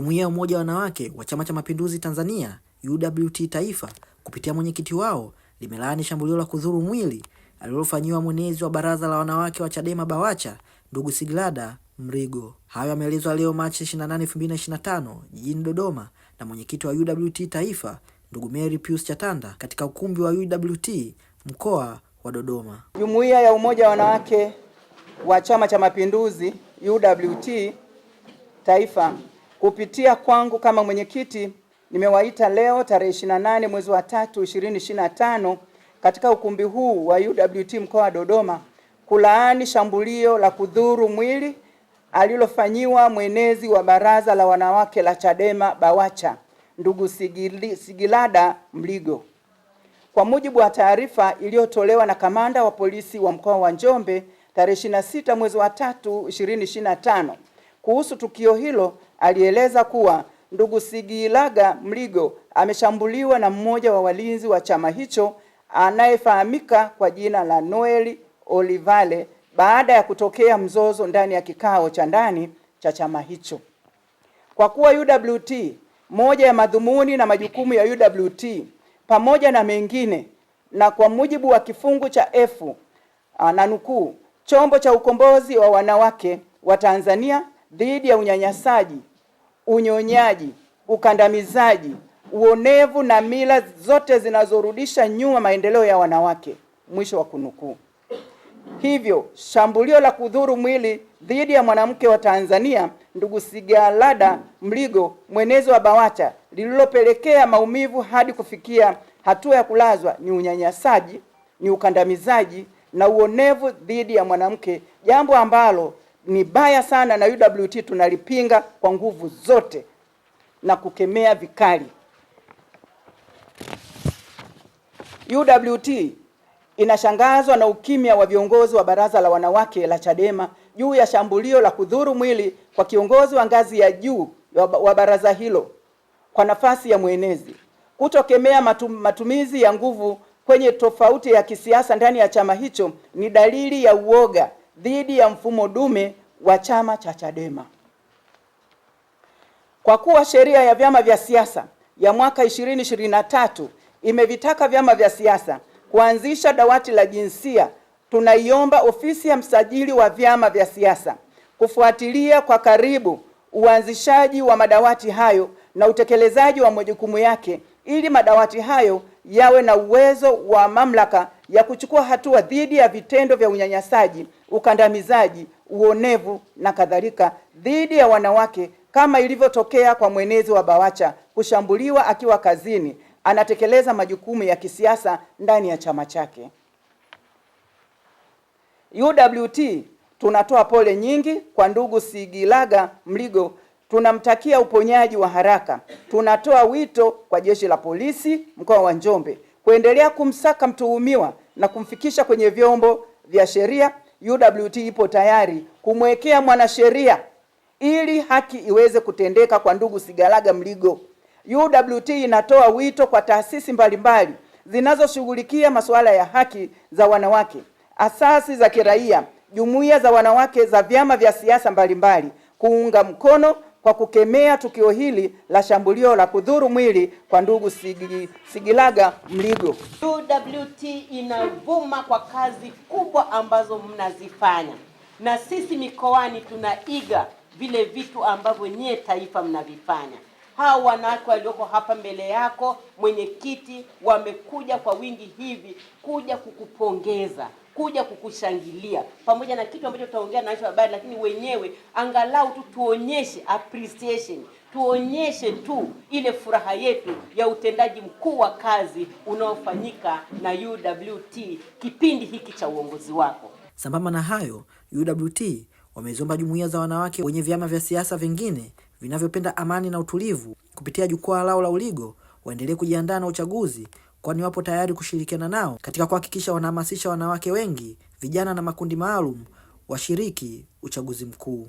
Jumuiya ya Umoja wa Wanawake wa Chama cha Mapinduzi Tanzania UWT Taifa kupitia mwenyekiti wao limelaani shambulio la kudhuru mwili alilofanyiwa mwenezi wa Baraza la Wanawake wa Chadema Bawacha ndugu Sigrada mrigo Hayo yameelezwa leo Machi 28, 2025 jijini Dodoma na mwenyekiti wa UWT Taifa ndugu Mary Pius Chatanda katika ukumbi wa UWT mkoa wa Dodoma. Jumuiya ya Umoja wa Wanawake wa Chama cha Mapinduzi UWT Taifa Kupitia kwangu kama mwenyekiti, nimewaita leo tarehe 28 mwezi wa tatu 2025 katika ukumbi huu wa UWT mkoa wa Dodoma kulaani shambulio la kudhuru mwili alilofanyiwa mwenezi wa baraza la wanawake la Chadema Bawacha, ndugu Sigili, Sigilada Mligo. Kwa mujibu wa taarifa iliyotolewa na kamanda wa polisi wa mkoa wa Njombe tarehe 26 mwezi wa tatu 2025 kuhusu tukio hilo, alieleza kuwa ndugu Sigilaga Mligo ameshambuliwa na mmoja wa walinzi wa chama hicho anayefahamika kwa jina la Noel Olivale baada ya kutokea mzozo ndani ya kikao cha ndani cha chama hicho. Kwa kuwa UWT, moja ya madhumuni na majukumu ya UWT pamoja na mengine, na kwa mujibu wa kifungu cha F na nukuu, chombo cha ukombozi wa wanawake wa Tanzania dhidi ya unyanyasaji, unyonyaji, ukandamizaji, uonevu na mila zote zinazorudisha nyuma maendeleo ya wanawake. Mwisho wa kunukuu. Hivyo shambulio la kudhuru mwili dhidi ya mwanamke wa Tanzania ndugu Sigalada Mligo, mwenezi wa BAWACHA, lililopelekea maumivu hadi kufikia hatua ya kulazwa ni unyanyasaji, ni ukandamizaji na uonevu dhidi ya mwanamke, jambo ambalo ni baya sana, na UWT tunalipinga kwa nguvu zote na kukemea vikali. UWT inashangazwa na ukimya wa viongozi wa baraza la wanawake la Chadema juu ya shambulio la kudhuru mwili kwa kiongozi wa ngazi ya juu wa baraza hilo kwa nafasi ya mwenezi, kutokemea matumizi ya nguvu kwenye tofauti ya kisiasa ndani ya chama hicho ni dalili ya uoga dhidi ya mfumo dume wa chama cha Chadema. Kwa kuwa sheria ya vyama vya siasa ya mwaka 2023 imevitaka vyama vya siasa kuanzisha dawati la jinsia, tunaiomba ofisi ya msajili wa vyama vya siasa kufuatilia kwa karibu uanzishaji wa madawati hayo na utekelezaji wa majukumu yake ili madawati hayo yawe na uwezo wa mamlaka ya kuchukua hatua dhidi ya vitendo vya unyanyasaji, ukandamizaji, uonevu na kadhalika dhidi ya wanawake kama ilivyotokea kwa mwenezi wa Bawacha kushambuliwa akiwa kazini anatekeleza majukumu ya kisiasa ndani ya chama chake. UWT tunatoa pole nyingi kwa ndugu Sigilaga Mligo, tunamtakia uponyaji wa haraka. Tunatoa wito kwa jeshi la polisi mkoa wa Njombe kuendelea kumsaka mtuhumiwa na kumfikisha kwenye vyombo vya sheria. UWT ipo tayari kumwekea mwanasheria ili haki iweze kutendeka kwa ndugu Sigalaga Mligo. UWT inatoa wito kwa taasisi mbalimbali zinazoshughulikia masuala ya haki za wanawake, asasi za kiraia, jumuiya za wanawake za vyama vya siasa mbalimbali kuunga mkono kwa kukemea tukio hili la shambulio la kudhuru mwili kwa ndugu Sigi, Sigilaga Mligo. UWT inavuma kwa kazi kubwa ambazo mnazifanya, na sisi mikoani tunaiga vile vitu ambavyo nyie taifa mnavifanya. Hawa wanawake walioko hapa mbele yako mwenyekiti, wamekuja kwa wingi hivi kuja kukupongeza kuja kukushangilia pamoja na kitu ambacho tutaongea nacho habari, lakini wenyewe angalau tu tuonyeshe appreciation, tuonyeshe tu ile furaha yetu ya utendaji mkuu wa kazi unaofanyika na UWT kipindi hiki cha uongozi wako. Sambamba na hayo, UWT wameziomba jumuiya za wanawake wenye vyama vya siasa vingine vinavyopenda amani na utulivu kupitia jukwaa lao la Uligo waendelee kujiandaa na uchaguzi kwani wapo tayari kushirikiana nao katika kuhakikisha wanahamasisha wanawake wengi, vijana na makundi maalum washiriki uchaguzi mkuu.